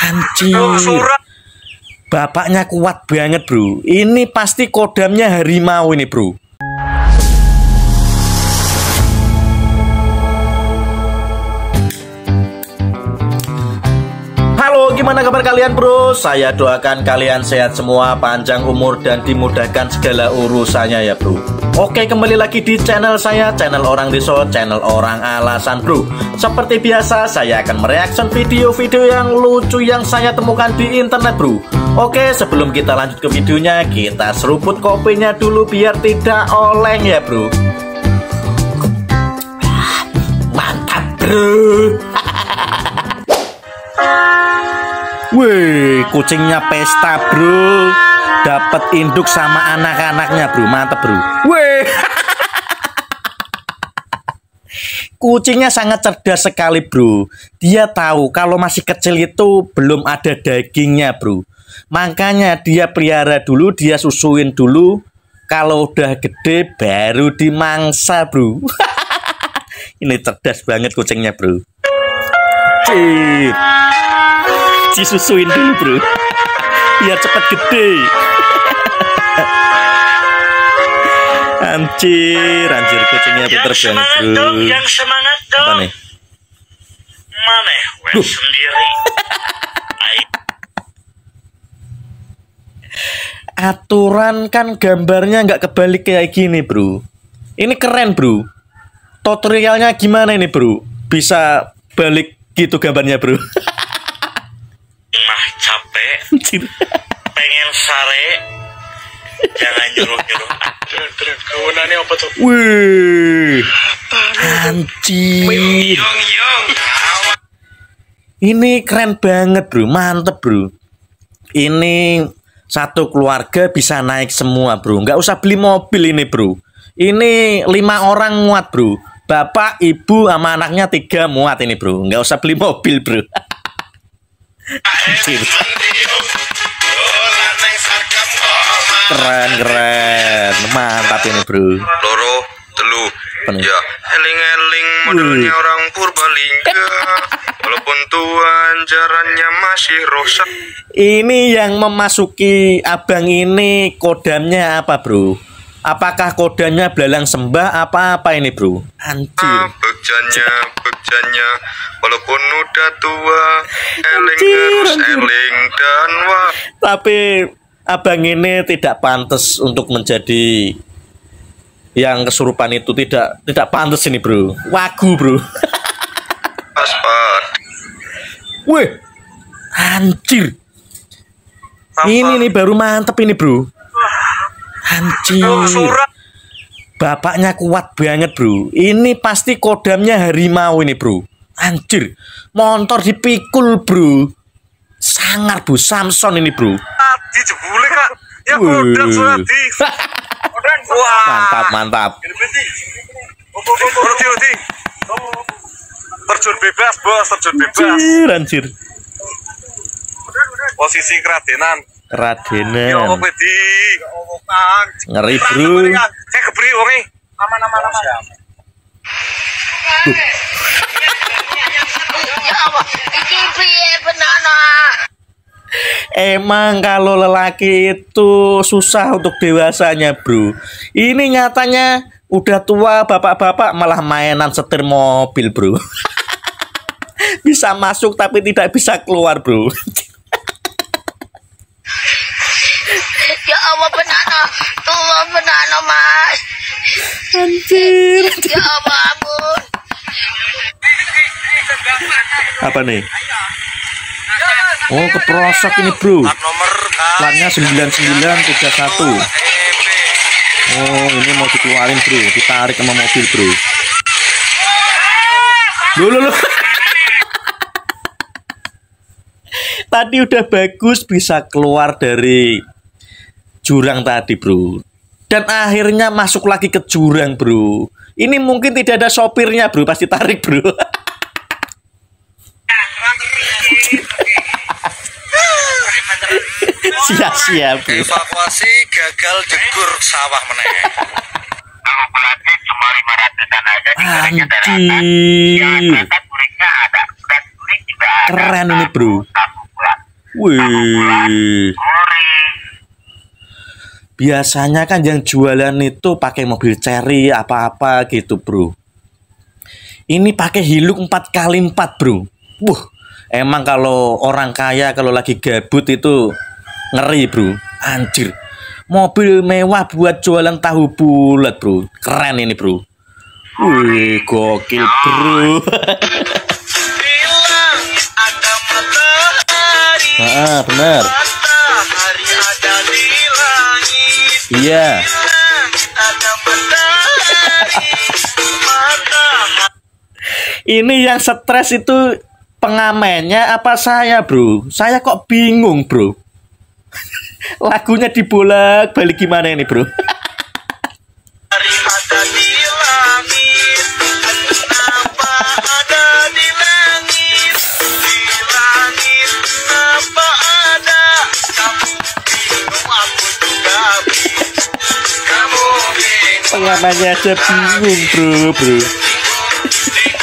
Hancur. Bapaknya kuat banget, Bro. Ini pasti kodamnya harimau ini, Bro. Bagaimana kabar kalian bro? Saya doakan kalian sehat semua, panjang umur dan dimudahkan segala urusannya ya bro Oke kembali lagi di channel saya, channel orang riso, channel orang alasan bro Seperti biasa saya akan mereaction video-video yang lucu yang saya temukan di internet bro Oke sebelum kita lanjut ke videonya, kita seruput kopinya dulu biar tidak oleng ya bro Mantap bro Wih, kucingnya pesta, Bro. Dapat induk sama anak-anaknya, Bro. Mantap, Bro. Wih. Kucingnya sangat cerdas sekali, Bro. Dia tahu kalau masih kecil itu belum ada dagingnya, Bro. Makanya dia pelihara dulu, dia susuin dulu. Kalau udah gede baru dimangsa, Bro. Ini cerdas banget kucingnya, Bro. Cip disusuin dulu bro biar cepat gede anjir anjir kucingnya pinter banget bro dong, yang semangat dong. apa nih mana ya? wes sendiri aturan kan gambarnya nggak kebalik kayak gini bro ini keren bro tutorialnya gimana ini bro bisa balik gitu gambarnya bro capek pengen sare jangan nyuruh nyuruh apa tuh wih anjir ini keren banget bro mantep bro ini satu keluarga bisa naik semua bro nggak usah beli mobil ini bro ini lima orang muat bro bapak ibu sama anaknya tiga muat ini bro nggak usah beli mobil bro Keren keren, mantap ini bro. Loro telu. Ya, eling-eling modelnya orang Purbalingga. Walaupun tuan jarannya masih rusak. Ini yang memasuki abang ini kodamnya apa bro? Apakah kodanya belalang sembah apa apa ini bro? Anjir bejanya bejanya walaupun udah tua eling terus eling dan wah tapi abang ini tidak pantas untuk menjadi yang kesurupan itu tidak tidak pantas ini bro wagu bro Aspar weh anjir Apa? ini nih baru mantep ini bro anjir bapaknya kuat banget bro ini pasti kodamnya harimau ini bro anjir motor dipikul bro sangar bu Samson ini bro tadi jebule kak ya kodam tadi mantap mantap terjun bebas bos terjun bebas anjir anjir posisi keradenan keradenan ya ngeri bro Eh. aman aman aman Emang kalau lelaki itu susah untuk dewasanya bro Ini nyatanya udah tua bapak-bapak malah mainan setir mobil bro Bisa masuk tapi tidak bisa keluar bro Ya Allah benar Tuhan benar Anjir. Ya Apa nih? Oh, keprosok ini, Bro. Platnya 9931. Oh, ini mau dikeluarin, Bro. Ditarik sama mobil, Bro. Dulu lu. Tadi udah bagus bisa keluar dari jurang tadi, Bro dan akhirnya masuk lagi ke jurang bro ini mungkin tidak ada sopirnya bro pasti tarik bro sia-sia bro evakuasi gagal jegur sawah meneng ya, Keren ini bro. Wih biasanya kan yang jualan itu pakai mobil cherry apa-apa gitu bro ini pakai Hilux 4 kali 4 bro Wuh, emang kalau orang kaya kalau lagi gabut itu ngeri bro anjir mobil mewah buat jualan tahu bulat bro keren ini bro wih gokil bro ah benar Iya. Ini yang stres itu pengamennya apa saya, Bro? Saya kok bingung, Bro. Lagunya dibolak balik gimana ini, Bro? namanya aja bingung bro bro